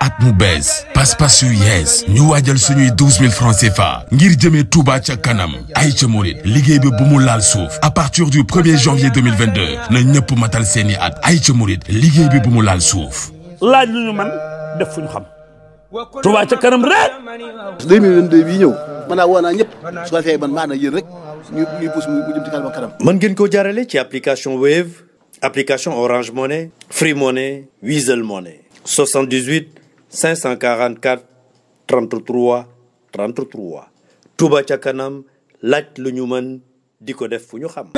at mu bees pas-pas yu yees ñu waajal suñuy 12000 francs CFA ngir jëmee Touba ca kanam ay ca murit liggéey bi bu mu laal suuf à partir du 1er janvier na ñëpp matal seeni at ay ca murit liggéey bi bu mu laal suuf laaj lu ñu man def fu ñu xam Touba ca kanam rek. 2022 bii ñëw man naa woo naa ñëpp man maa na yéen rek ñu ñuy pousse mu jëm ci kanam ak kanam. mën ngeen koo jaarale ci application Wave application Orange Money Free Money Wizall Money. 78 544 33 33 Touba ca kanam laaj lu ñu mën di ko def fu ñu xam.